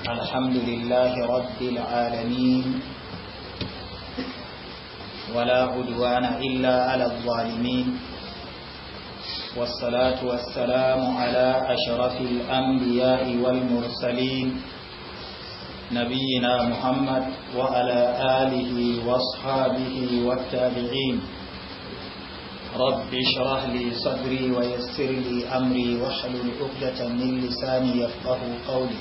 الحمد لله رب العالمين ولا عدوان إلا على الظالمين والصلاة والسلام على أشرف الأنبياء والمرسلين نبينا محمد وعلى آله واصحابه والتابعين رب اشرح لي صدري ويسر لي أمري واحلل عقدة من لساني يفقه قولي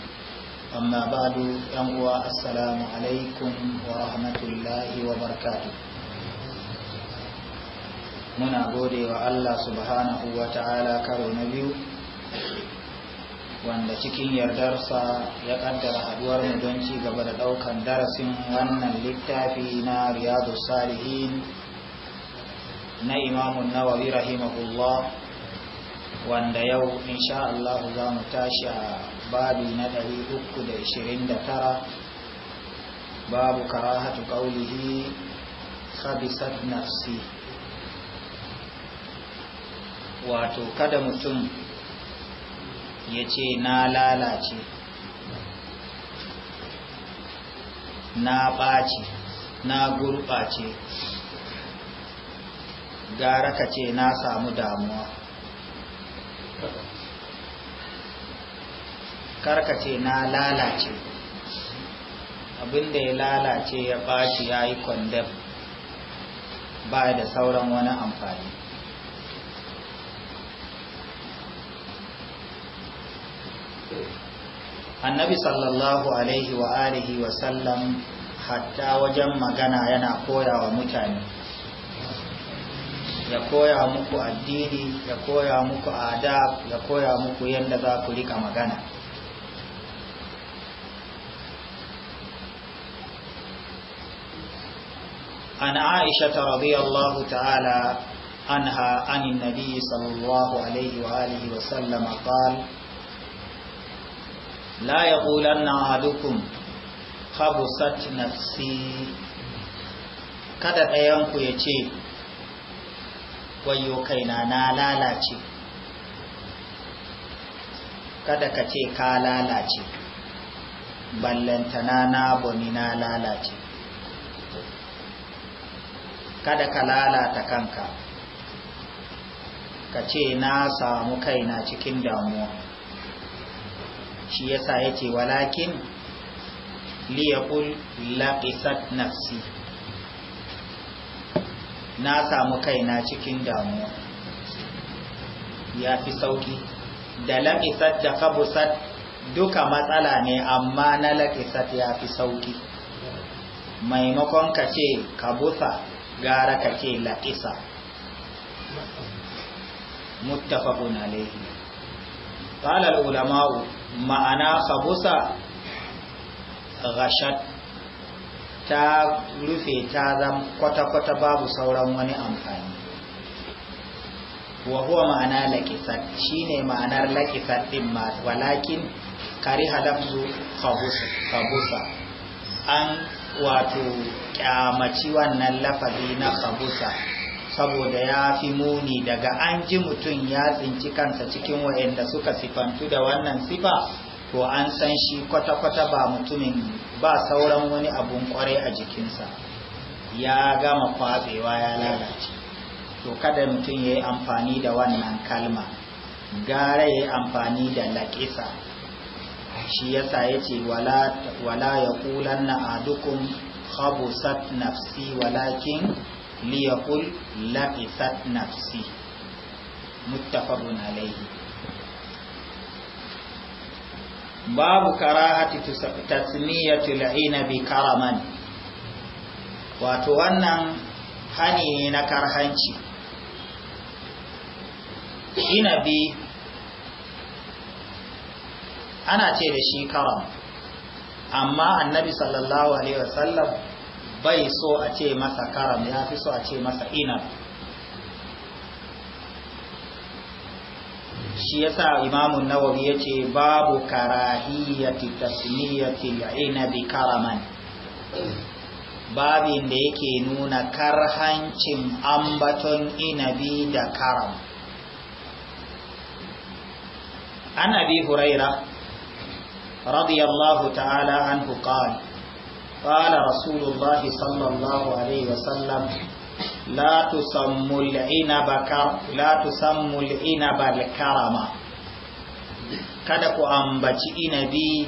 amma ba'du yan uwa assalamu alaikum wa rahmatullahi wa barakatuh muna gode wa Allah subhanahu wa ta'ala karo na biyu wanda cikin yardarsa ya kaddara haduwar mu don ci gaba da daukan darasin wannan littafi na riyadu salihin na imamun nawawi rahimahullah wanda yau insha Allah za mu tashi a babi na 329 babu karahatu qawlihi khabisat nafsi wato kada mutum ya ce na lalace na ɓaci na gurɓace gara ka ce na samu damuwa karkace na lalace abinda ya lalace ya bashi ya yi kwandam ba da sauran wani amfani annabi sallallahu alaihi wa alihi wa sallam hatta wajen magana yana koya wa mutane ya koya muku addini ya koya muku adab ya koya muku yadda za ku rika magana an aisha radiyallahu ta'ala anha anin nabi sallallahu alaihi wa alihi wa sallama qala la yaqulanna ahadukum khabusat nafsi kada ɗayanku ya ce wayo kaina na lalace kada ka ce ka lalace ballantana na boni na lalace kada ka lalata kanka ka ce na samu kaina cikin damuwa shi yasa ya ce walakin liyakul laƙisat nafsi na samu kaina cikin damuwa ya fi sauki da laƙisat da kabusat duka matsala ne amma na laƙisat ya fi sauki maimakon ka ce kabusa gara ka ce laƙisa muttafaqun alayhi qala al-ulama'u ma'ana khabusa ghashat ta rufe ta zam kwata-kwata babu sauran wani amfani wa huwa ma'ana laƙisat shine ma'anar lakisar din ma walakin kariha lafzu khabusa an wato kyamaci wannan lafazi na sabusa saboda ya fi muni daga an ji mutum ya tsinci kansa cikin wa'anda suka sifantu da wannan sifa to an san shi kwata-kwata ba mutumin ba sauran wani abun kwarai a jikinsa ya gama kwatsewa ya lalace to kada mutum ya yi amfani da wannan kalma gara ya yi amfani da laƙisa shi ya yasa ce wala ya a yaqulanna adukum khabusat nafsi walakin liyaqul la'isat nafsi muttafaqun alayhi babu karahati tasmiyatu bi karaman wato wannan hani na karhanci ina bi. ana ce da shi karam amma annabi sallallahu alaihi wasallam bai so a ce masa karam ya fi so a ce masa inab shi yasa imamu nawawi yace babu karahiyati tasmiyati inabi karaman babin da yake nuna karhancin ambaton inabi da karam Ana bi huraira رضي ta'ala تعالى عنه قال قال رسول الله صلى الله عليه وسلم لا تسموا kada ku ambaci inabi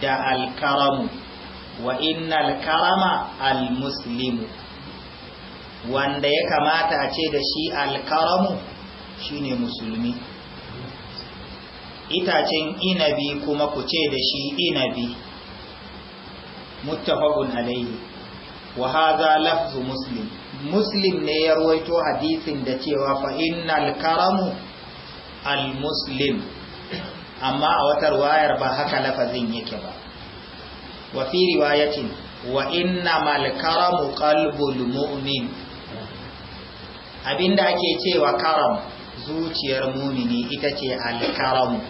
da alkaramu wa innal karama almuslimu wanda ya kamata a ce da shi alkaramu shine musulmi itacen inabi kuma ku ce da shi inabi muttafaqun alaihi wa hadha lafzu muslim muslim ne ya ruwaito hadisin da cewa fa innal karamu al muslim amma a wata riwayar ba haka lafazin yake ba wa fi riwayatin wa mal karamu qalbul mu'min abinda ake cewa karam zuciyar mumini ita ce al karamu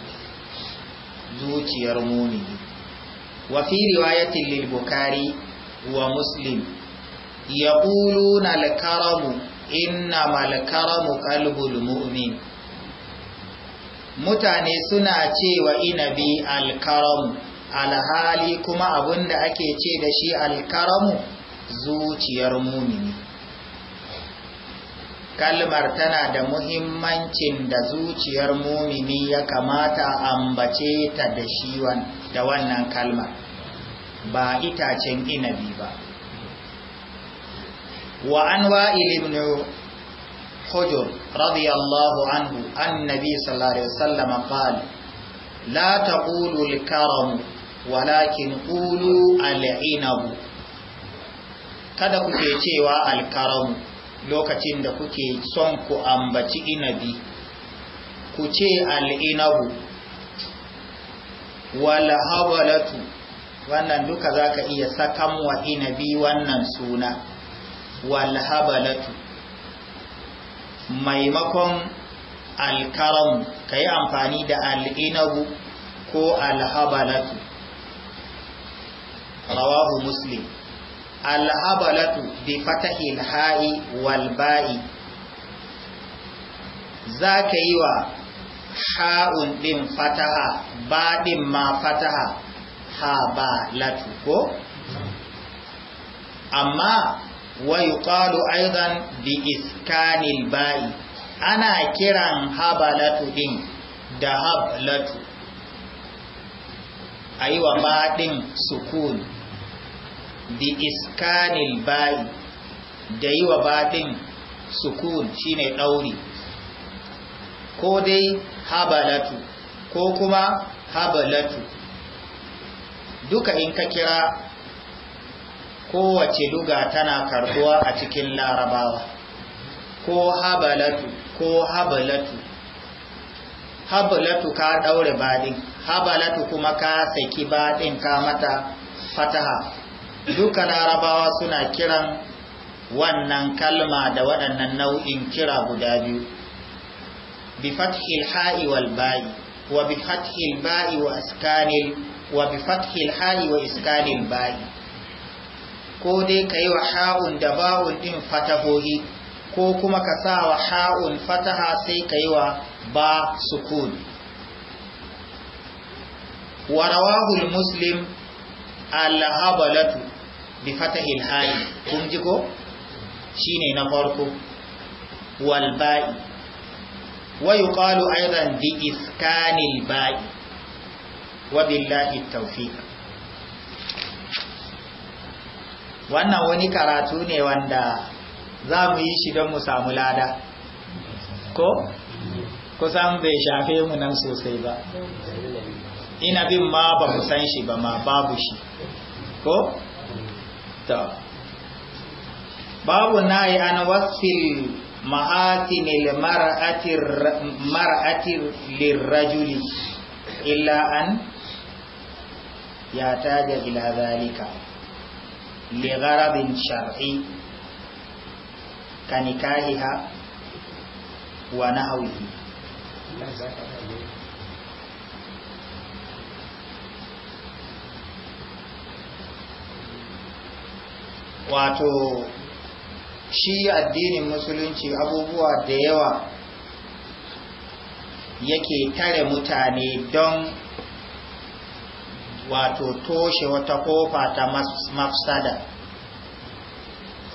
zuciyar mumini wa fi riwayatin lil bukhari wa muslim yaquluna al karamu innama al karamu qalbul mu'min mutane suna cewa inabi alkaramu alhali kuma abinda ake ce da shi alkaramu zuciyar zuciyar mumini kalmar tana da muhimmancin da zuciyar mumini ya kamata ambace ta da shi da wannan kalmar ba itacen inabi ba wa an wa'il ibn hujur radiyallahu anhu annabi sallallahu alaihi wasallam qala la taqulu al-karam walakin qulu al-inab kada kuke cewa al-karam lokacin da kuke son ku ambaci inabi ku ce al'inabu wa habalatu wannan duka za ka iya sakan wa inabi wannan suna wa habalatu maimakon alkaram ka yi amfani da al'inabu ko alhabalatu rawahu muslim alhabalatu bi fatahil ha'i wal ba'i za ka yi wa ha'un ɗin fataha ba ɗin ma fataha ha ba latu ko amma wa yuqalu aidan bi iskanil ba'i ana kiran habalatu ɗin da hablatu ayi wa ba ɗin sukun bi iskanil ba'i da yi wa baɗin sukun shine ɗauri ko dai habalatu ko kuma habalatu duka in ka kira kowace duga tana karbuwa a cikin larabawa ko habalatu ko habalatu habalatu ka ɗaure baɗin habalatu kuma ka saki baɗin ka mata fataha duka larabawa suna kiran wannan kalma da waɗannan nau'in kira guda biyu bi ha'i wal ba'i wa bi fathil ba'i wa iskanil wa bi ha'i wa iskanil ba'i ko dai ka yi wa ha'un da ba'un ɗin fatahohi ko kuma ka sa wa ha'un fataha sai ka yi wa ba sukun wa muslim al-habalatu bi fatahil kun ji ko shine na farko wal ba'i wa yuqalu aidan bi iskanil ba'i wa billahi tawfiq wannan wani karatu ne wanda za mu yi shi don mu samu lada ko kusan bai shafe mu nan sosai ba ina bin ma ba mu san shi ba ma babu shi ko حتى باب ناي أنا وصل مآتم المرأة المرأة للرجل إلا أن يحتاج إلى ذلك لغرض شرعي كنكاهها ونحوه wato shi addinin musulunci abubuwa da yawa yake tare mutane don wato toshe wata kofa ta mafsada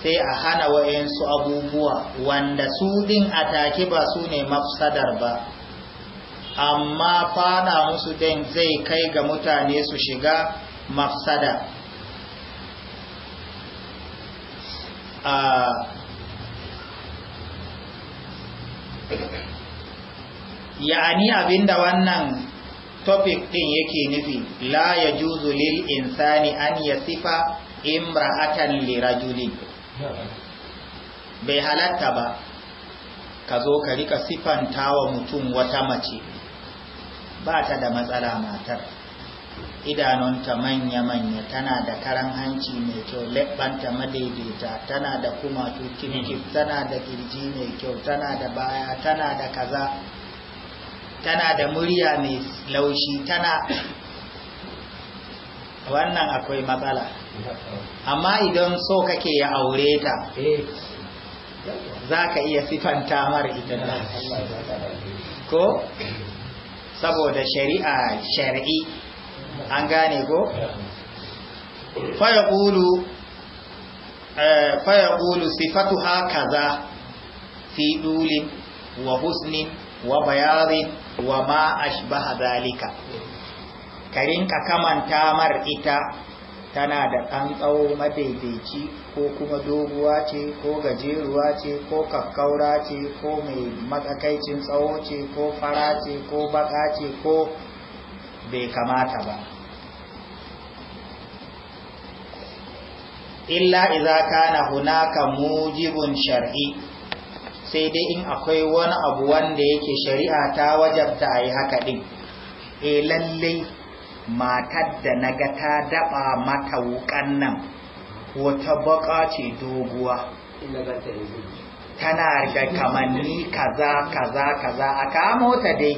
sai a hana wa'yansu abubuwa wanda su din atake ba su ne mafsadar ba amma fana musu din zai kai ga mutane su shiga mafsada ya'ani abinda wannan topic din yake nufi la ya juzu lil insani an ya sifa imra'atan li rajuli bai halatta ba ka zo ka rika sifanta wa mutum wata mace ba ta da matsala matar idanunta manya-manya tana da karan hanci mai kyau leɓanta madaidaita tana da kumatu kif tana da kirji mai kyau tana da baya tana da kaza tana da murya mai laushi tana wannan akwai matsala amma idan so kake ya aure ta za ka iya sifanta mara ita ko saboda shari'a shari'i an gane ko faya ƙulu eh, sifatu haka za fi ɗulin wa husnin wa bayarin wa ma ashbaha zalika ka kamanta mar ita tana da ɗan tsawo madaidaici ko kuma doguwa ce ko gajeruwa ce ko kakkaura ce ko mai matsakaicin tsawo ce ko fara ce ko baka ce ko bai kamata ba illa idza kana hunaka mujibun shar'i sai dai in akwai wani abu wanda yake shari'a ta wajabta ayi haka din eh lallai matar da naga ta daba mata wukan nan wata baka ce doguwa tana da kamanni kaza kaza kaza a kamo dai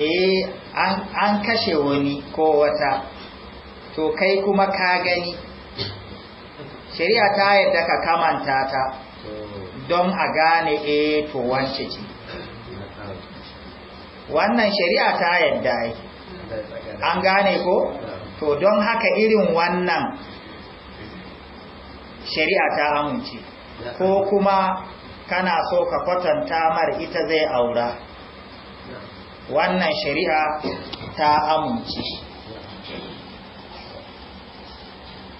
eh an kashe wani ko wata to kai kuma ka gani shari'a ta yadda ka kamanta ta don a gane e to wance ce wannan shari'a ta yadda yi an gane ko to don haka irin wannan shari'a ta amince ko kuma kana so ka kwatanta mar ita zai aura wannan shari'a ta amince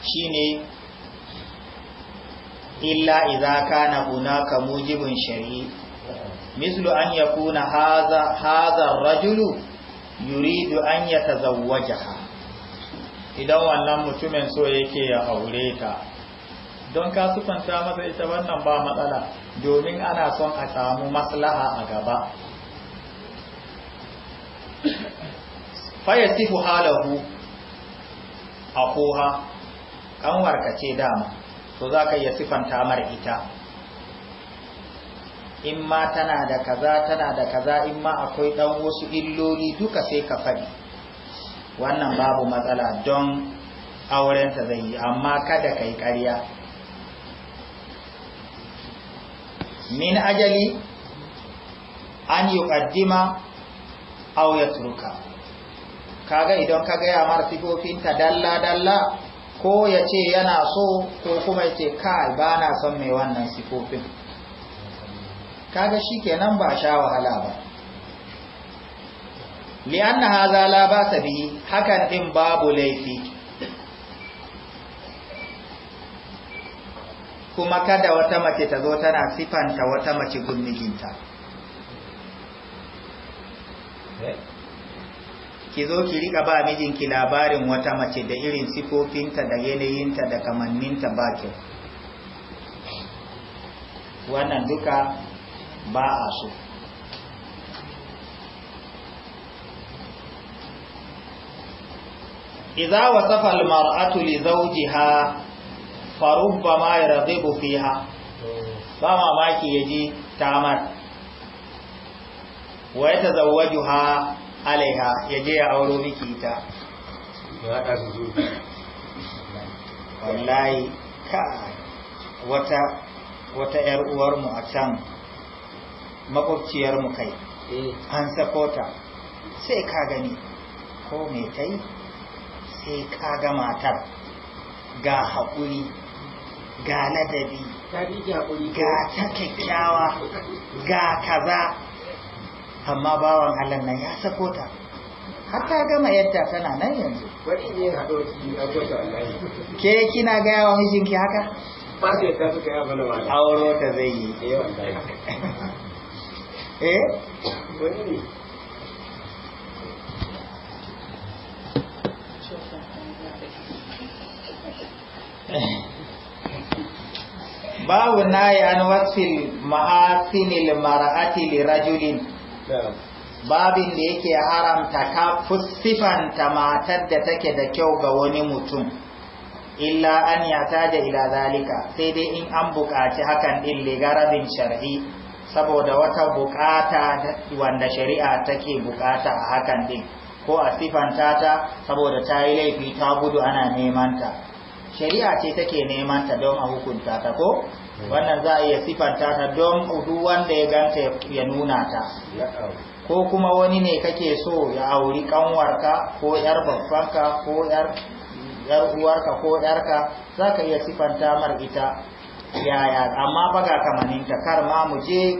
shine illa idza kana hunaka mujibun shari'i mislu an yakuna hadha hadha ar-rajulu yuridu an yatazawwajaha idan wannan mutumin so yake ya aure ta don ka sufanta masa ita wannan ba matsala domin ana son a samu maslaha a gaba Fa fayasifu halahu a koha Kan warkace dama to za ka iya sifanta mara ita in ma tana da kaza tana da kaza in ma akwai ɗan wasu illoli duka sai ka faɗi wannan babu matsala don aurenta zai yi amma kada ka yi ƙarya min ajali an yi ƙaddima auya turka kaga idan ka gaya mara sifofinta dalla-dalla ko ya ce yana so ko kuma ya ce kai ba na son mai wannan sifofin kaga shi kenan ba sha wahala ba li'anna haza la ba bi hakan din babu laifi kuma kada wata mace ta zo tana sifanta wata mace gun ki zo ki rika ba mijinki labarin wata mace da irin sifofinta da yanayinta da kamanninta ba kyau wannan duka ba a so idza wasafa almar'atu li zawjiha rubbama yaradibu fiha ba mamaki yaji tamar wa yatazawwajuha alaiha ya je ya auro miki ita wallahi ka wata wata yar mu a can mu kai eh. an sakota sai ka gani ko me ta sai ka ga matar ga haƙuri ga ladabi ga ta kyakkyawa ga kaza amma bawan Allah nan ya sako ta har ta gama yadda tana nan yanzu ke kina gaya wa mijinki haka auro ta zai yi eh, eh? babu nayi an wasfil mar'ati li rajulin babin da yake haramta ka fussifanta matar da take da kyau ga wani mutum illa an yata da ila zalika sai dai in an buƙaci hakan ɗin ligarabin shari'i saboda wata buƙata wanda shari'a take buƙata a hakan ɗin, ko a sifanta ta saboda ta yi laifi ta gudu ana nemanta. shari'a ce take nemanta don a hukunta ta ko wannan za a iya sifanta ta don udu wanda ya ganta ya nuna ta ko kuma wani ne kake so ya auri kanwarka ko yar babbanka ko yar uwarka ko yarka za ka iya sifanta mar ita yaya amma baga kamaninta kar ma mu je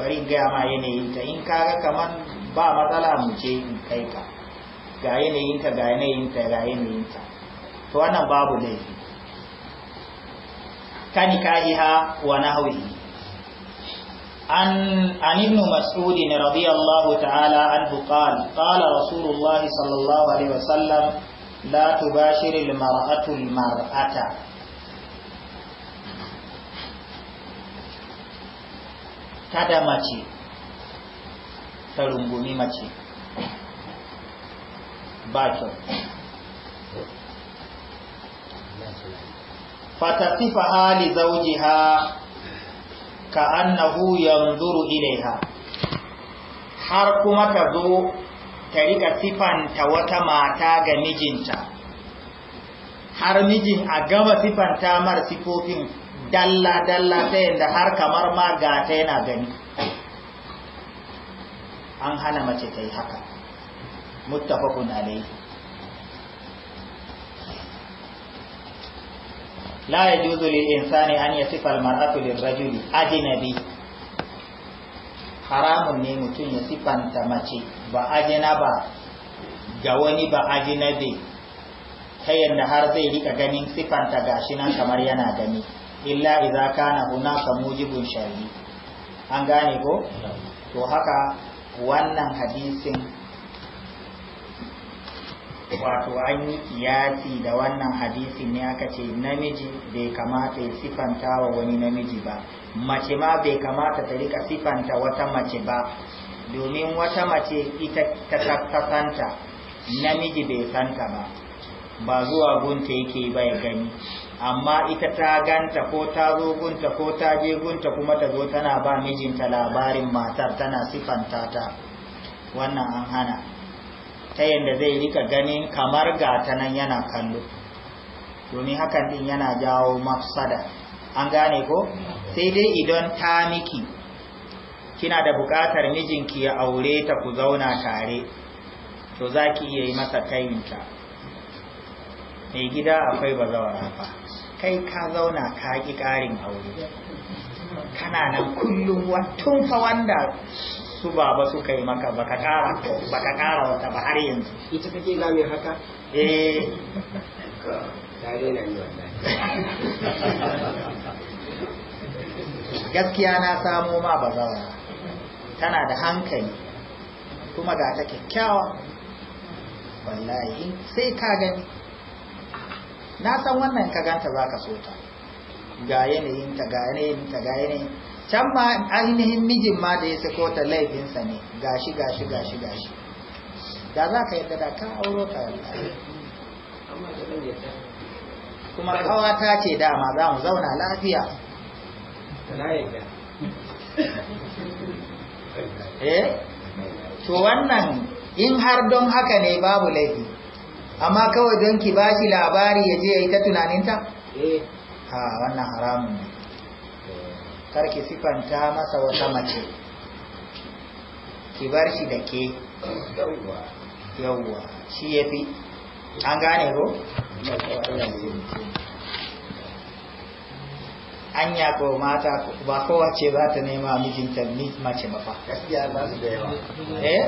bari gaya ma yanayin ta in ga kamar ba matsala mu je in kai ka ga yanayin ta ga ta ga ta to wannan babu laifi kanikahiha wa nahwihi an an ibn mas'ud radiyallahu ta'ala anhu qala qala rasulullah sallallahu alaihi wasallam la tubashiru al kada mace ta rumbumi mace ba kyau fatasifa hali ha ka annahu yanzuru ilaiha har kuma ka zo ta rika sifanta wata mata ga mijinta har mijin a gama sifanta mar sifofin dalla-dalla ta yadda har kamar ma ga ta yana gani an hana mace ta yi haka muttafaqun alaihi la yajuzu lil insani an yasifa al mar'atu lir rajuli ajnabi haramun ne mutum ya sifanta mace ba ajina ba ga wani ba ajinabi ta yadda har zai rika ganin sifanta gashi nan kamar yana gani illa idza kana ka mujibun shari'i an gane ko to haka wannan hadisin wato an yi kiyasi da wannan hadisin ne aka ce namiji bai kamata ya sifanta wa wani namiji ba mace ma bai kamata ta rika sifanta wata mace ba domin wata mace ita ta santa namiji bai santa ba ba zuwa gunta yake ba ya gani amma ita ta ganta ko ta zo gunta ko ta je gunta kuma ta zo tana ba mijinta labarin matar tana sifanta ta wannan an hana ta yadda zai rika ganin kamar gata nan yana kallo domin hakan din yana jawo mafsada an gane ko sai dai idan ta miki kina da buƙatar mijinki ya aure ta ku zauna tare to za ki iya yi masa taiminta mai gida akwai bazawara haka. kai ka zauna ka ƙi ƙarin aure kana nan kullum tun fa wanda su ba suka yi maka baka kara baka kara wata ba har yanzu ita kake ga me haka eh tare na ni gaskiya na samo ma bazawara tana da hankali kuma ga ta kyakkyawa wallahi sai ka gani na san wannan ka ganta ka so ta ga yanayinta ga yanayinta ga yanayin can ma ainihin mijin ma da ya sako ta laifinsa ne gashi gashi gashi gashi da za ka yadda da ka auro ta kuma kawa ta ce dama za mu zauna lafiya eh to wannan in har don haka ne babu laifi amma kawai don ki bashi labari ya je ya yi ta tunaninta? eh ha ah, wannan haramun ne karki sifanta masa wata mace ki bar shi da ke yauwa shi ya fi an gane ko? anya ko mata ba kowace ba ta nema mijinta mace ba gaskiya ba su da yawa eh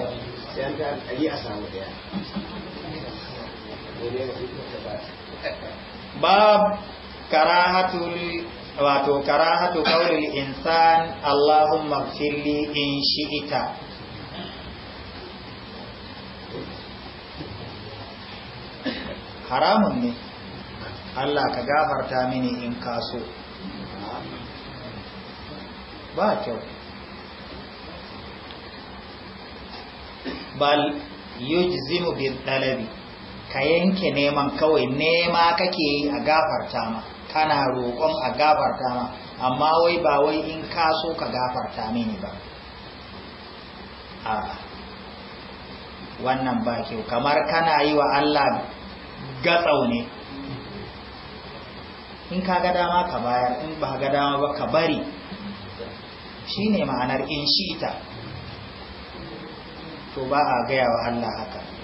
sai an ga ayi a samu daya bab karahatul wato karahatu kaulil insan Allahumma firli in shi'ita haramun ne Allah ka gafarta mini in kaso ba kyau bal yujzimu bil talabi ka yanke neman kawai nema kake a gafarta ma kana roƙon a gafarta ma amma wai ba wai in ka so ka gafarta mini ba a wannan ba kyau kamar kana yi wa Allah gatsau ne in ka ga dama ka bayar in ba ga dama ba ka bari shine ma'anar in shi ta. to ba a gaya wa Allah haka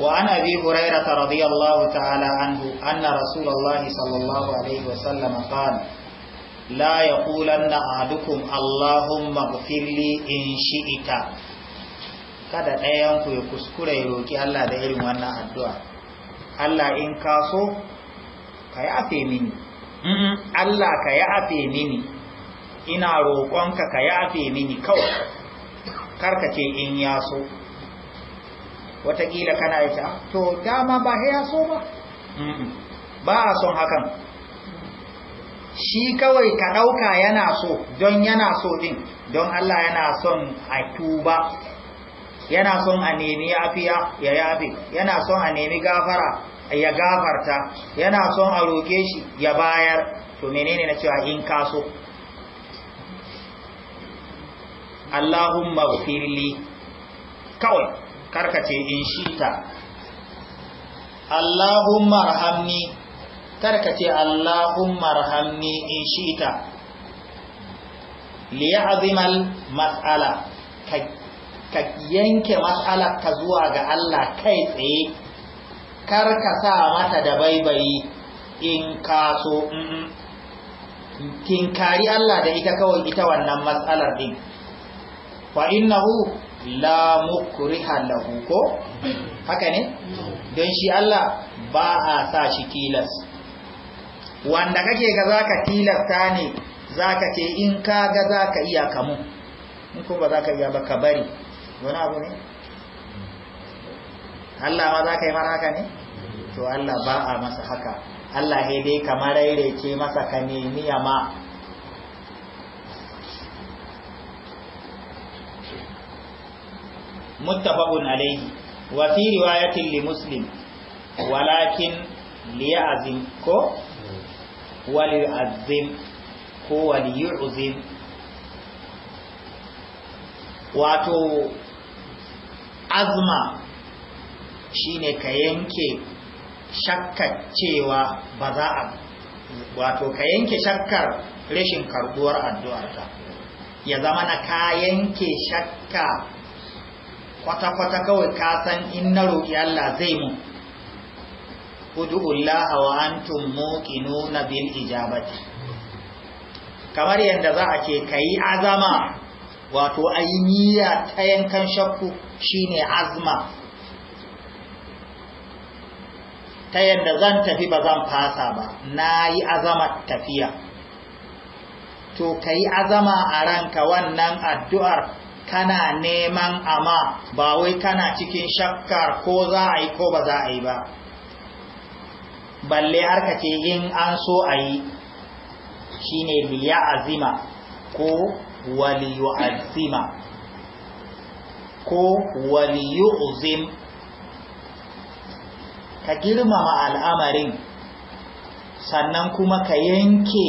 وعن أبي هريرة رضي الله تعالى عنه أن رسول الله صلى الله عليه وسلم قال لا يقولن أحدكم اللهم اغفر لي إن شئت kada ɗayanku ya kuskure ya roƙi Allah da irin wannan addu'a Allah in ka so ka yi afe mini Allah ka yi afe mini ina roƙonka ka yi afe mini kawai karkace in ya so watakila kana ya ah, to dama ba ya so ba ba a son hakan shi kawai ka ɗauka yana so don yana so din, don Allah yana son a tuba yana son a nemi yafiya ya yafi yana son a nemi gafara ya gafarta yana son a roke shi ya bayar to menene na cewa in ka so Allahumma firli kawai karkace in shita Allahumma rahamni karkace Allahumma rahamni in shita liya'zimal mas'ala ka yanke mas'alar ka zuwa ga Allah kai tsaye kar ka sa mata da baibayi in ka so kinkari Allah da ita kawai ita wannan matsalar din fa innahu la mukriha lahu ko haka ne don shi Allah ba a sa shi tilas wanda kake ga zaka tilasta ne zaka ce in ka ga zaka iya kamu in ko ba zaka iya ba ka bari wani abu ne Allah ma zaka yi mana haka ne to Allah ba a masa haka Allah he dai kamar ce masa ka nemi ma muttafaqun alayhi wa fi riwayatin li muslim walakin liya'zim ko waliyu'azzim ko waliyu'zim wato azma shine ka yanke shakka cewa ba za a wato ka yanke shakkar rashin karbuwar addu'arka ya zama na ka yanke shakka kwata-kwata kawai ka san in na roƙi Allah zai mu udu'ullaha wa antum muqinuna bil ijabati kamar yadda za a ce kai azama wato ayniya ta yankan shakku shine azma ta yadda zan tafi ba zan fasa ba nayi azama tafiya to kai azama a ranka wannan addu'ar kana neman amma ba wai kana cikin shakkar ko za a yi ko ba za a yi ba balle har ce in an so a yi shine liya azima ko waliyu azima ko waliyu uzim ka girmama al'amarin sannan kuma ka yanke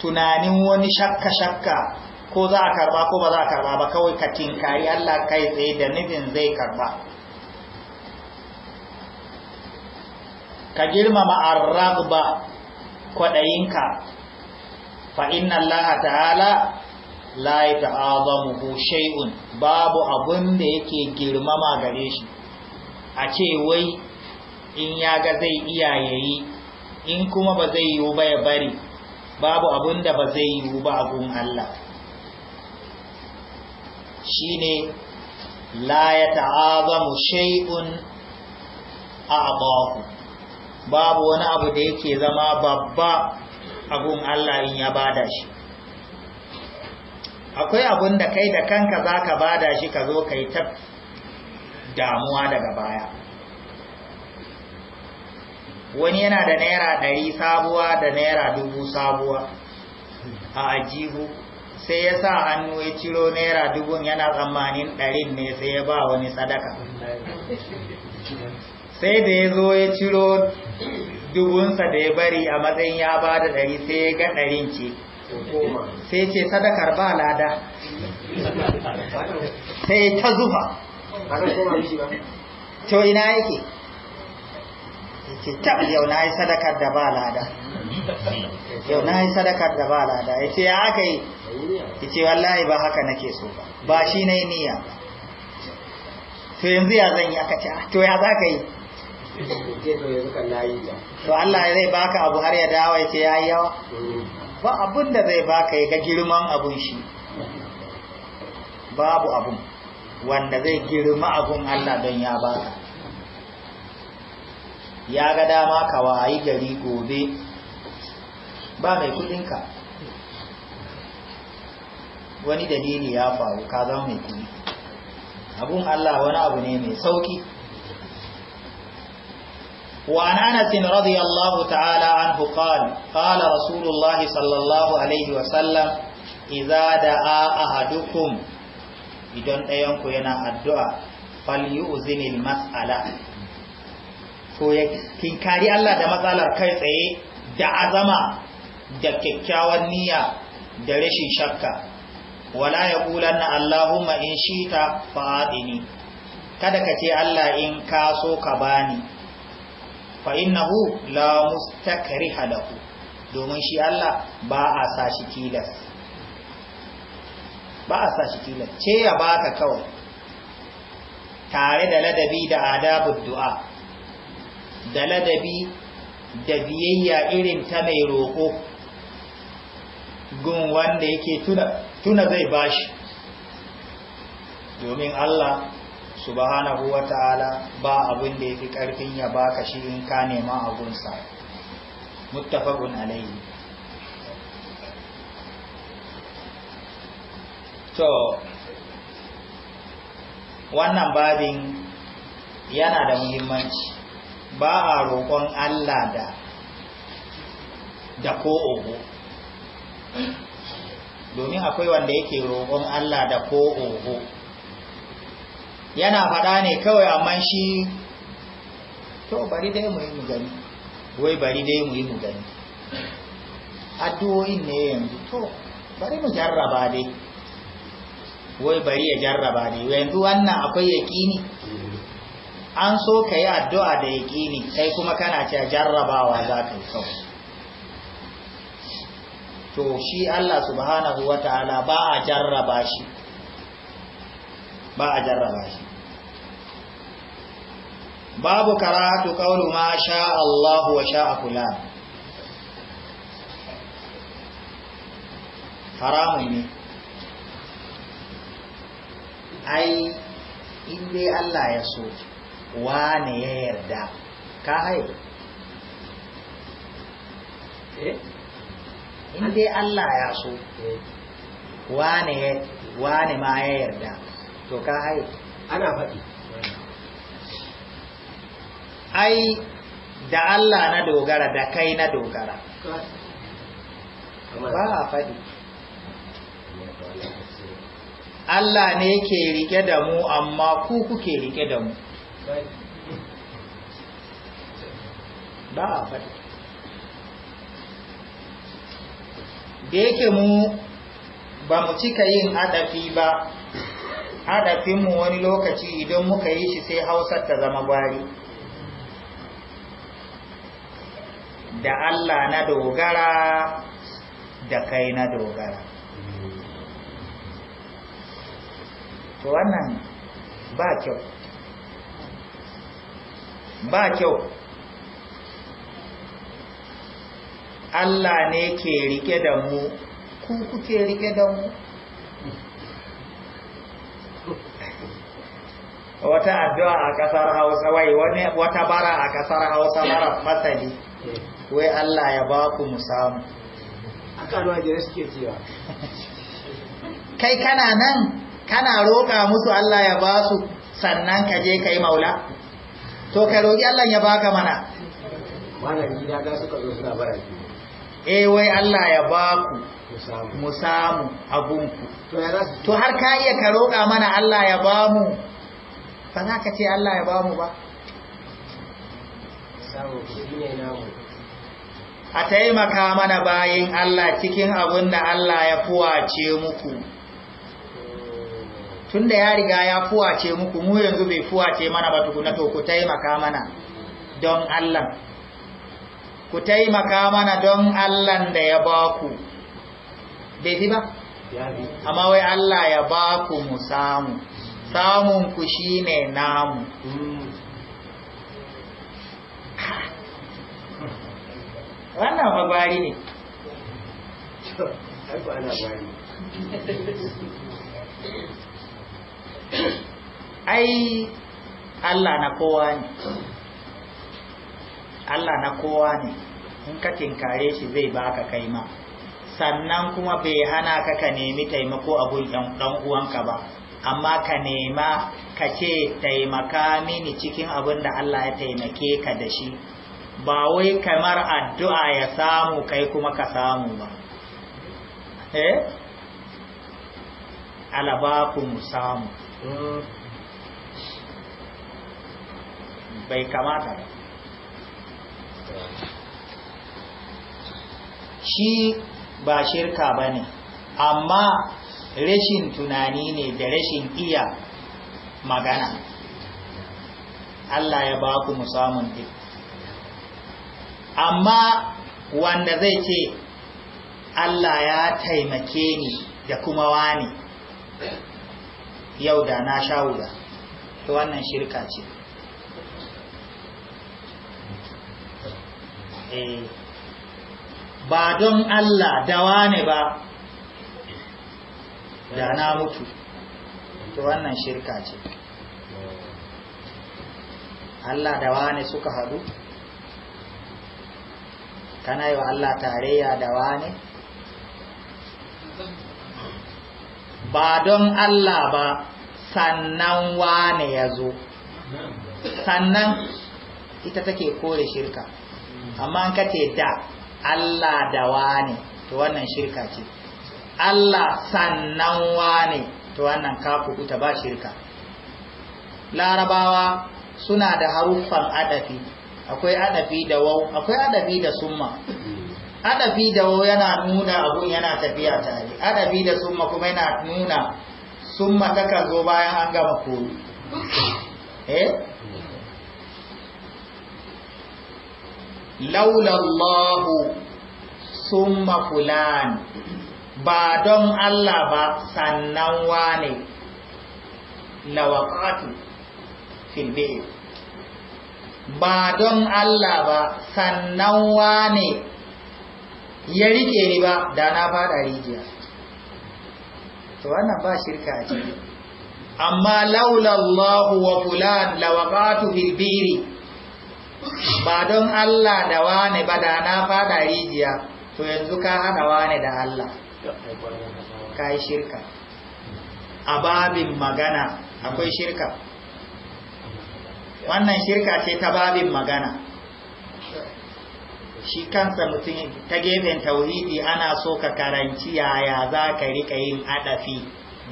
tunanin wani shakka-shakka ko za a karba ko ba za a karba ba kawai ka tinkari Allah kai tsaye da nufin zai karba ka girmama arragba kwaɗayinka fa inna Allah ta'ala la ta'azamuhu shay'un babu abun da yake girmama gare shi a ce wai in ya ga zai iya yayi in kuma ba zai yiwu ba ya bari babu abun da ba zai yiwu ba a gun Allah shine la ya ta'azamu shay'un a'dahu babu wani abu da yake zama babba abun Allah in ya bada shi akwai abun da kai da kanka zaka bada shi ka zo kai ta damuwa daga baya wani yana da naira ɗari sabuwa da naira dubu sabuwa a ajihu sai ya sa hannu ya ciro naira dubu yana tsammanin ɗarin ne sai ya ba wani sadaka sai da ya zo ya ciro dubunsa da ya bari a matsayin ya ba da ɗari sai ya ga ɗarin ce sai ce sadakar ba lada sai ta zufa to ina yake ce yau na yi sadakar da ba lada yau na yi sadakar da ba lada ya ce ya aka yi ya ce wallahi ba haka nake so ba shi na yi niyya ba to yanzu ya zan yi aka ce ah, to ya za ka yi to Allah zai baka abu har ya dawo ya ce ya yi yawa ba abun da zai baka ya ga girman abun shi babu abun wanda zai girma abun Allah don ya baka ya ga dama kawai gari gobe ba mai kudinka wani dalili ya faru ka zama mai kudi abun Allah wani abu ne mai sauki وعن أنس رضي الله تعالى عنه قال قال رسول الله صلى الله عليه وسلم إذا دعا أحدكم yana addu'a, fal الدعاء فليؤذن mas'ala. ko ya kinkari Allah da matsalar kai tsaye da azama da kyakkyawan niyya da rashin shakka wala ya na Allahumma in shita fa'adini kada ka ce Allah in ka so ka bani fa innahu la mustakriha lahu domin shi Allah ba a sa shi tilas ba a sa shi tilas ce ya baka kawai tare da ladabi da adabud du'a da ladabi da biyayya irin ta mai roko gun wanda yake tuna tuna zai bashi domin Allah subhanahu wata'ala ba abin da yafi karfin ya baka shi in ka nema abunsa muttafaqun alayhi to wannan babin yana da muhimmanci ba a roƙon Allah da da ko ogo domin akwai wanda yake roƙon Allah da ko oho yana faɗa ne kawai amma shi to bari dai mu yi mu gani wai bari dai mu yi mu gani addu'o'in ne yanzu to bari mu jarraba dai wai bari ya jarraba dai yanzu wannan akwai yaƙini an so ka yi addu'a da yaƙini sai kuma kana ce jarrabawa za ka yi kawai to shi Allah subhanahu wa ta'ala ba a jarraba shi ba a jarraba shi babu karatu qawlu ma sha Allah wa sha fulan haramun ne ai inda Allah ya so wane ya yarda ka haihu eh in dai Allah ya so wane wane ma ya yarda to ka hai ana faɗi ai da Allah na dogara da kai na dogara ba a faɗi Allah ne ke rike da mu amma ku kuke rike da mu ba a faɗi yake mu ba mu cika yin adafi ba adafinmu wani lokaci idan muka yi shi sai hausar ta zama gwari da Allah na dogara da kai na dogara to wannan ba kyau ba kyau Allah ne ke rike da mu ku kuke rike da mu wata addu'a a kasar hausa wai wani wata bara a kasar hausa mara matsali. wai Allah ya ba ku suke samu kai kana nan kana roƙa musu Allah ya ba su sannan ka je ka yi maula to ka roƙi Allah ya baka mana wannan gida ga suka zo suna bara eh wai Allah ya ba ku mu samu abunku to har ka iya ka roƙa mana Allah ya ba mu ba za ka ce Allah ya ba mu ba a taimaka mana bayin Allah cikin abin da Allah ya fuwace muku tun da ya riga ya fuwace muku mu yanzu bai fuwace mana ba tukuna to ku taimaka mana don Allah ku taimaka mana don Allah da ya ba ku bai ba amma wai Allah ya ba ku mu samu samun ku shine namu wannan magwari ne ai Allah na kowa ne Allah na kowa ne in ka tinkare shi zai baka kai ma sannan kuma bai hana ka ka nemi taimako a gun ɗan uwanka ba amma ka nema ka ce taimaka mini cikin abin da Allah ya taimake ka da shi ba wai kamar addu'a ya samu kai kuma ka samu ba eh alaba ku samu mm. bai kamata ba shi ba shirka ba ne amma rashin tunani ne da rashin iya magana Allah ya ba ku musamman ɗin amma wanda zai ce Allah ya taimake ni da kuma wani yau da na sha wuya to wannan shirka ce Eh. ba don Allah dawa ne ba da na mutu to wannan shirka ce Allah dawa ne suka haɗu kana yi wa Allah tarayya dawa ne ba don Allah ba sannan wane yazo? sannan ita take kore shirka amma an kace da Allah da wane to wannan shirka ce Allah sannan wane to wannan ka ta ba shirka larabawa suna da haruffan adafi akwai adafi da waw akwai adafi da summa adafi da waw yana nuna abun yana tafiya tare adafi da summa kuma yana nuna summa takan zo bayan an gama koyo eh laulallahu summa fulan ba don Allah ba sannan wane lawaqatu fil ba don با rike ba da na fada rijiya to wannan ba shirka a ciki amma laulallahu wa fulan lawaqatu fil biri ba don Allah da wane ba da na fada rijiya to yanzu ka hada wane da Allah ka yi shirka a babin magana akwai shirka wannan shirka ce ta babin magana shi kansa mutum ta gefen tauhidi ana so ka karanci yaya za ka rika yin adafi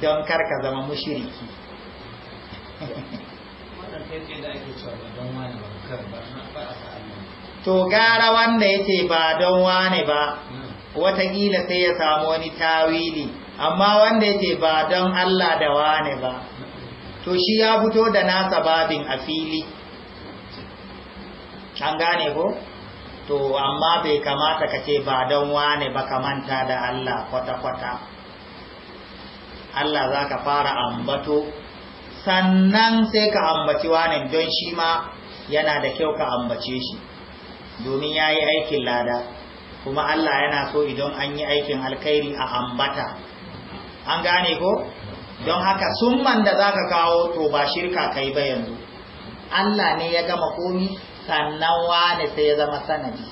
don karka zama mushiriki to gara wanda yace ba don wane ba watakila sai ya samu wani tawili amma wanda yace ba don Allah da wane ba to shi ya fito da nasa babin a fili an gane ko to amma bai kamata ka ce ba don wane ba kamanta da Allah kwata-kwata Allah za ka fara ambato sannan sai ka ambaci wane don shi ma yana da kyau ka ambace shi domin ya yi aikin lada kuma Allah yana so idan an yi aikin alkhairi a ambata an gane ko don haka summan da za ka kawo to ba shirka kai ba yanzu Allah ne ya gama komi sannan wane sai ya zama sanadi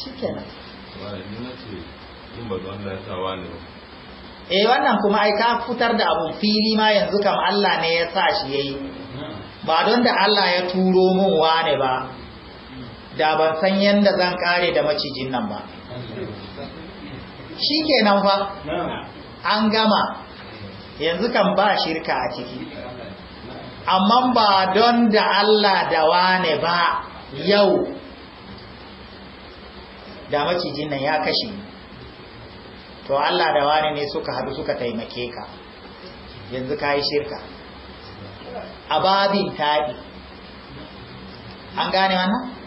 shi eh, wannan kuma ai ka fitar da abun fili ma yanzu kam Allah ne ya sa shi yayi ba don da Allah ya turo mun wane ba da ban san yadda zan kare da macijin nan ba shi kenan fa an gama yanzu kan ba shirka a ciki amma ba don da Allah da wane ba yau da macijin nan ya kashe to Allah da wane ne suka haɗu suka taimake ka yanzu ka yi shirka a babin taɗi an gane wannan?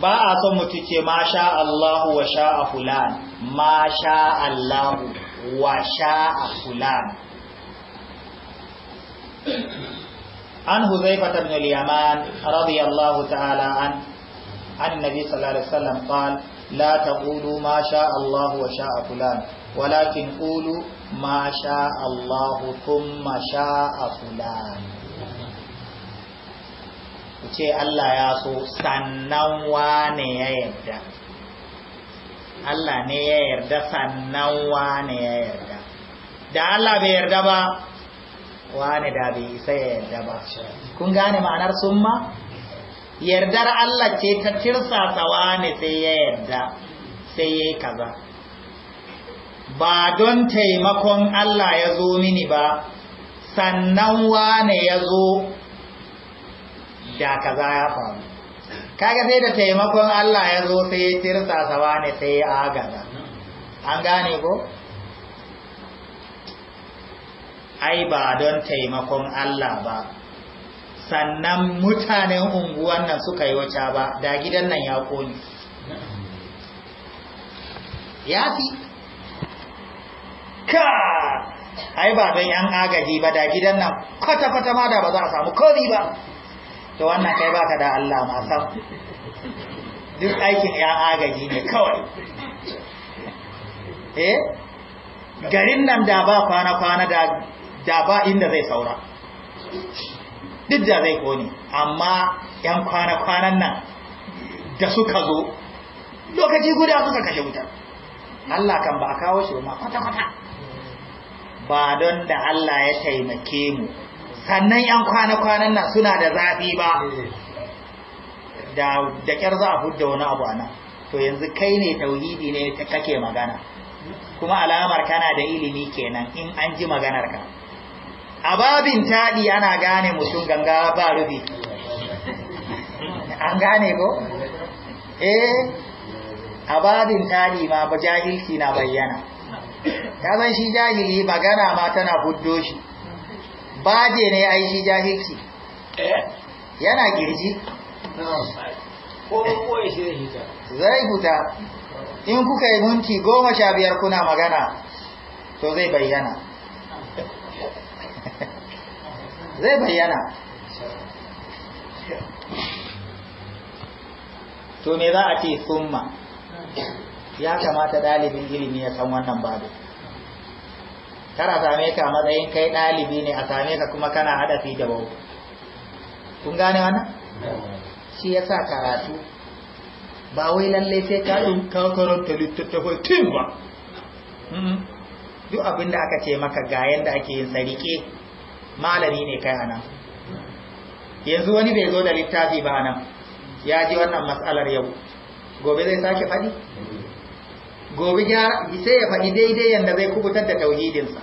ba a son mutu ce ma sha Allahu wa sha a fulan ma sha Allahu wa sha a fulan an huzaifa ta bin yaman radiyallahu ta'ala an an nabi sallallahu alaihi wasallam qal la taqulu ma sha Allahu wa sha a fulan walakin qulu ma sha Allahu thumma sha a fulan ku ce Allah ya so sannan wane ya yarda Allah ne ya yarda sannan wane ya yarda da Allah bai yarda ba wane da bai isa ya yarda ba kun gane ma'anar summa yardar Allah ce ta tirsasa wane sai ya yarda sai ya yi kaza ba don taimakon Allah ya zo mini ba sannan wane ya zo da kaza ya faru kaga sai da taimakon Allah ya zo sai ya tirsa sawa ne sai ya agaza an gane ko ai ba don taimakon Allah ba sannan mutanen unguwan nan suka yi wata ba da gidan nan ya koli ya fi ka ai ba don yan agaji ba da gidan nan kwata-kwata ma da ba za a samu kori ba to wannan kai baka da Allah ma sam duk aikin ya agaji ne kawai eh garin nan da ba kwana kwana da da ba inda zai saura duk da zai kone amma yan kwana kwanan nan da suka zo lokaci guda suka kashe wuta. Allah kan ba a kawo shi ba kwata-kwata ba don da Allah ya taimake mu sannan yan kwana-kwanan nan suna da zafi ba da kyar za a hudda wani abu ana to yanzu kai ne tauhidi ne kake magana kuma alamar kana da ilimi kenan in an ji maganar ka a babin taɗi ana gane mutum ganga ba rubi an gane ko? eh a babin taɗi ma ba jahilci na bayyana ta zan shi jahili magana ma tana huddo shi baje ne ai shi jahilci eh? yana girji zai huta in kuka yi minti goma sha biyar kuna magana to zai bayyana zai bayyana to me za a ce summa ya kamata dalibin ilimi ya san wannan babu kar a same ka a matsayin kai ɗalibi ne a same ka kuma kana hadafi da wau kun gane wannan shi ya sa karatu ba wai lallai sai ka ka karanta littattafai tin ba duk abin da aka ce maka ga yadda ake yin sarike malami ne kai anan yanzu wani bai zo da littafi ba anan ya ji wannan matsalar yau gobe zai sake faɗi gobe sai ya faɗi daidai yadda zai kubutar da tauhidinsa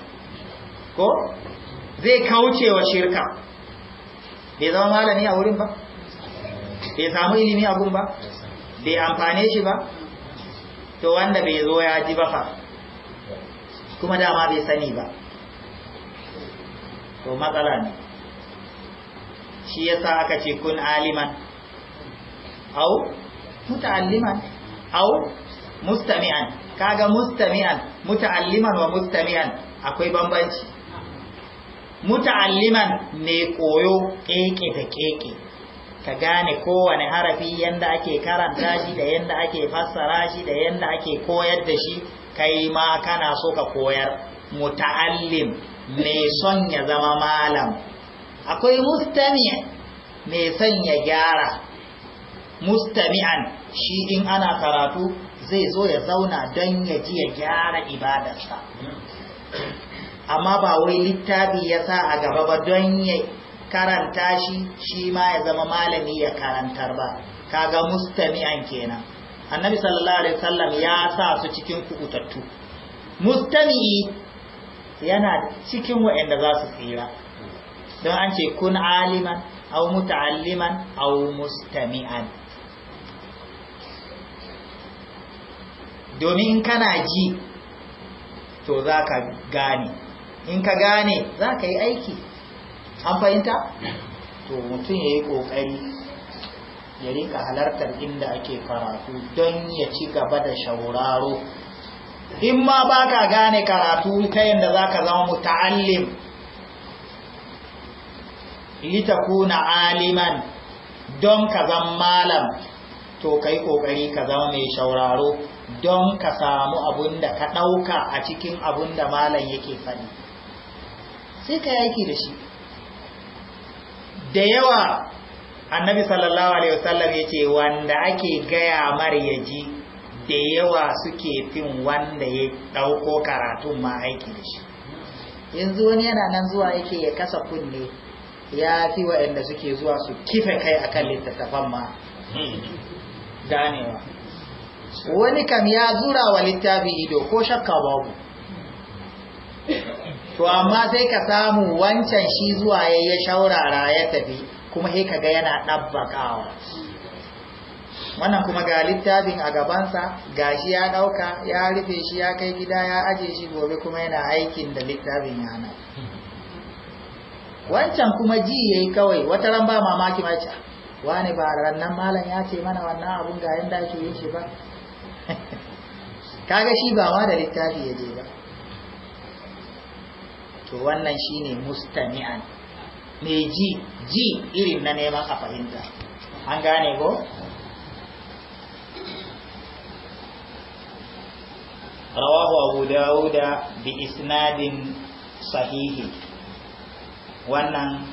ko zai kauce wa shirka bai zama malami a wurin ba bai samu ilimi abun ba bai amfane shi ba to wanda bai zo ya ji ba fa kuma dama bai sani ba to matsala ne shi sa aka ce kun aliman au aliman au mustami'an kaga mustami'an muta'alliman wa mustami'an akwai bambanci muta'alliman ne koyo keke da keke ka gane kowane harafi yanda ake karanta shi da yanda ake fassara shi da yanda ake koyar da shi kai ma kana so ka koyar muta'allim mai son ya zama malam akwai mustami' mai son ya gyara mustami'an shi in ana karatu zai zo ya zauna don ya ji ya gyara ibadarsa amma ba wai littafi ya sa a gaba ba don ya karanta shi shi ma ya zama malami ya karantar ba kaga mustami'an kenan annabi sallallahu alaihi wasallam ya sa su cikin kubutattu mustami'i yana cikin waɗanda za su tsira don an ce kun aliman au muta'alliman au mustami'an domin kana ji to za ka gane in ka gane za ka yi aiki an fahimta to mutum ya yi ƙoƙari ya rika halartar inda ake karatu don ya ci gaba da shauraro in ma ba ka gane karatu ta yadda za ka zama muta'allim litakuna aliman don ka zama malam to ka yi ƙoƙari ka zama mai shauraro don ka samu abun da ka ɗauka a cikin abun da malam yake faɗi sai ka yaki da shi da yawa annabi sallallahu alaihi wasallam ya ce wanda ake gaya mar ya da yawa suke fin wanda ya ɗauko karatun ma aiki da shi yanzu wani yana nan zuwa yake ya kasa kunne ya fi waɗanda suke zuwa su kife kai akan littattafan ma hmm. ganewa wani kam ya zura wa littafi ido ko shakka babu to amma sai ka samu wancan shi zuwa ya shaurara ya tafi kuma sai kaga yana ɗabbakawa wannan kuma ga littafin a gabansa gashi ya ɗauka ya rufe shi ya kai gida ya aje shi gobe kuma yana aikin da littafin yana wancan kuma ji yayi kawai wata ran ba mamaki ce. wani ba rannan malam ya ce mana wannan abun ga yanda ake yin shi ba kaga shi ba ma da littafi ya je ba to wannan shi ne mustami'an mai ji ji irin na neman a fahimta an gane ko rawahu abu dawuda bi isnadin sahihi wannan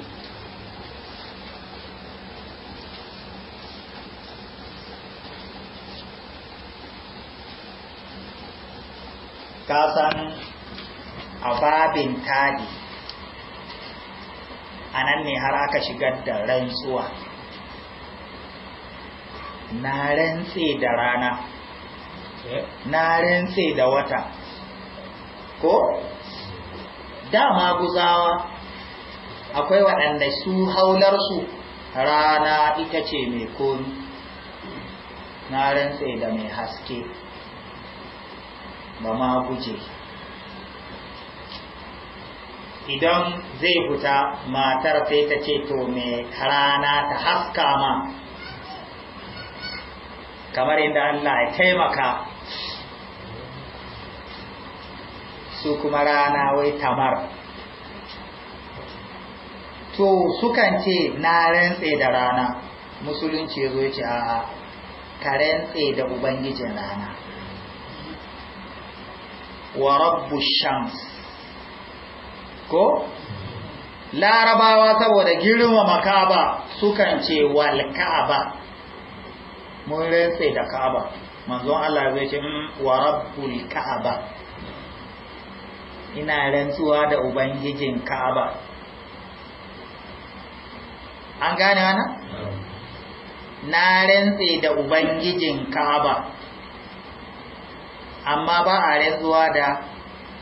kasan ababin tadi taɗi a nan ne har aka shigar da rantsuwa na rantse da rana eh? na rantse da wata ko dama guzawa akwai waɗanda su haularsu rana ita ce mai komi na rantse da mai haske ba ma guje idan zai fita matar sai ta ce to me rana ta haska ma kamar inda Allah ya taimaka su kuma rana wai tamar to sukan ce na rantse da rana musulunci ya zo ce a ka rantse da ubangijin rana wa rabbu shams ko larabawa saboda girma makaba sukan ce wal ka'aba mun rantse da ka'aba manzon Allah zai ce mm, wa rabbul ka'aba ina rantsuwa da ubangijin ka'aba an gane wannan na rantse da ubangijin ka'aba amma ba a rantsuwa da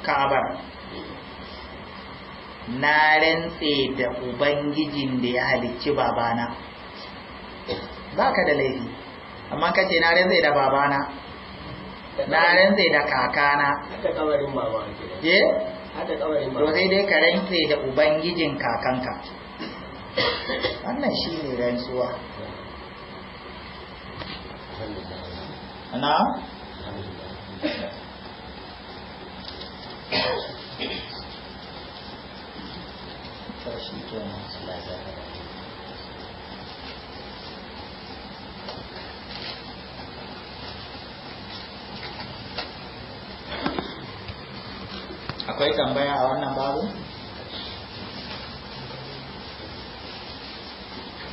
ka'abar na rantse da ubangijin da ya halicci babana ba ka da laifi amma ka ce na rantse da babana na rantse da kakana haka kawarin babana ke eh? haka kawarin babana sai dai ka rantse da ubangijin kakanka wannan shi ne rantsuwa ana? akwai tambaya a wannan babu?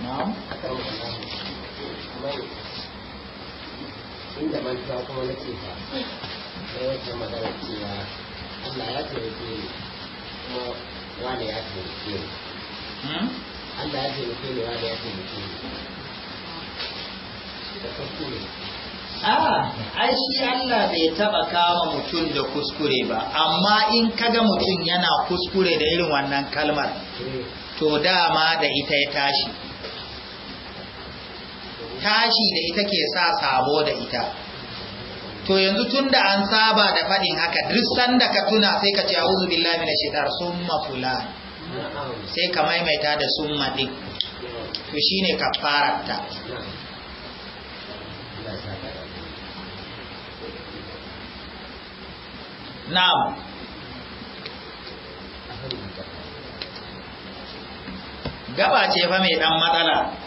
na'am? inda manta kuma na ce fa na wata magana cewa Allah ya taimake ni kuma wani ya taimake ni hmm? Allah ya taimake ni wani ya taimake ni da kuskure a ah, ai shi Allah bai taba kama mutum da kuskure ba amma in kaga mutum yana kuskure da irin wannan kalmar eh. to dama da ita ya tashi tashi da ita ke sa sabo da ita to yanzu tun da an saba da faɗin haka duk sanda ka tuna sai ka ce wuzu billahi minash shaitanir sun mafula, sai ka maimaita da sun maɗin, to shi ne ka farata. na'am gaba ce fa mai ɗan matsala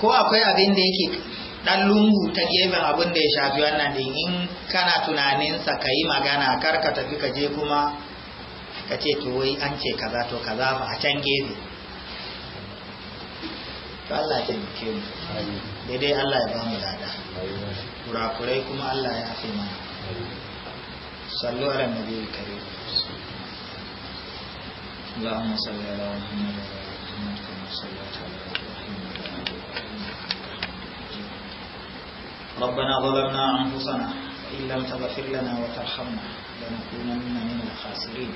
ko akwai abin da yake dan lungu ta gefen abin da ya shafi wannan din in kana tunaninsa ka yi magana kar ka tafi ka je kuma ka ce to wai an ce kaza to kaza ba a can gefe to Allah ya taimake mu daidai Allah ya ba mu lada kurakurai kuma Allah ya fi mana sallu ala nabiyil karim اللهم صل على محمد وعلى ربنا ظلمنا أنفسنا وإن لم تغفر لنا وترحمنا لنكونن من الخاسرين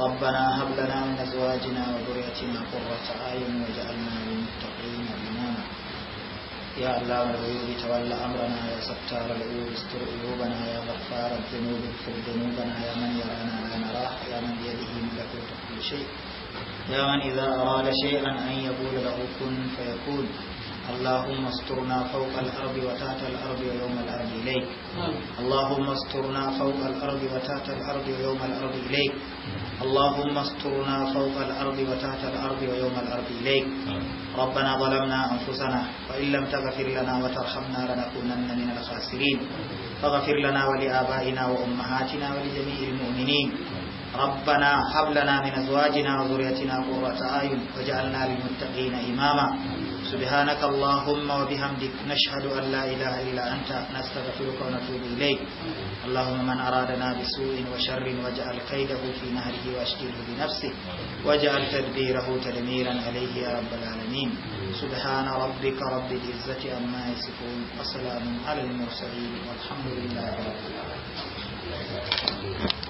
ربنا هب لنا من أزواجنا وذريتنا قرة أعين واجعلنا للمتقين إماما يا علام الغيوب تولى أمرنا يا ستار العيوب استر عيوبنا يا غفار الذنوب اغفر ذنوبنا يا من يرانا لا نراه يا من بيده ملكوت كل شيء دائما إذا أراد شيئا أن يقول له كن فيكون اللهم استرنا فوق الأرض وتحت الأرض ويوم الأرض إليك اللهم استرنا فوق الأرض وتحت الأرض ويوم الأرض إليك اللهم استرنا فوق الأرض وتحت الأرض ويوم الأرض إليك ربنا ظلمنا أنفسنا وإن لم تغفر لنا وترحمنا لنكونن من الخاسرين فاغفر لنا ولآبائنا وأمهاتنا ولجميع المؤمنين ربنا هب لنا من أزواجنا وذريتنا قرة أعين وجعلنا للمتقين إماما سبحانك اللهم وبحمدك نشهد أن لا إله إلا أنت نستغفرك ونتوب إليك اللهم من أرادنا بسوء وشر واجعل كيده في نهره وأشكله بنفسه واجعل تدبيره تدميرا عليه يا رب العالمين سبحان ربك رب العزة عما يصفون وسلام على المرسلين والحمد لله رب العالمين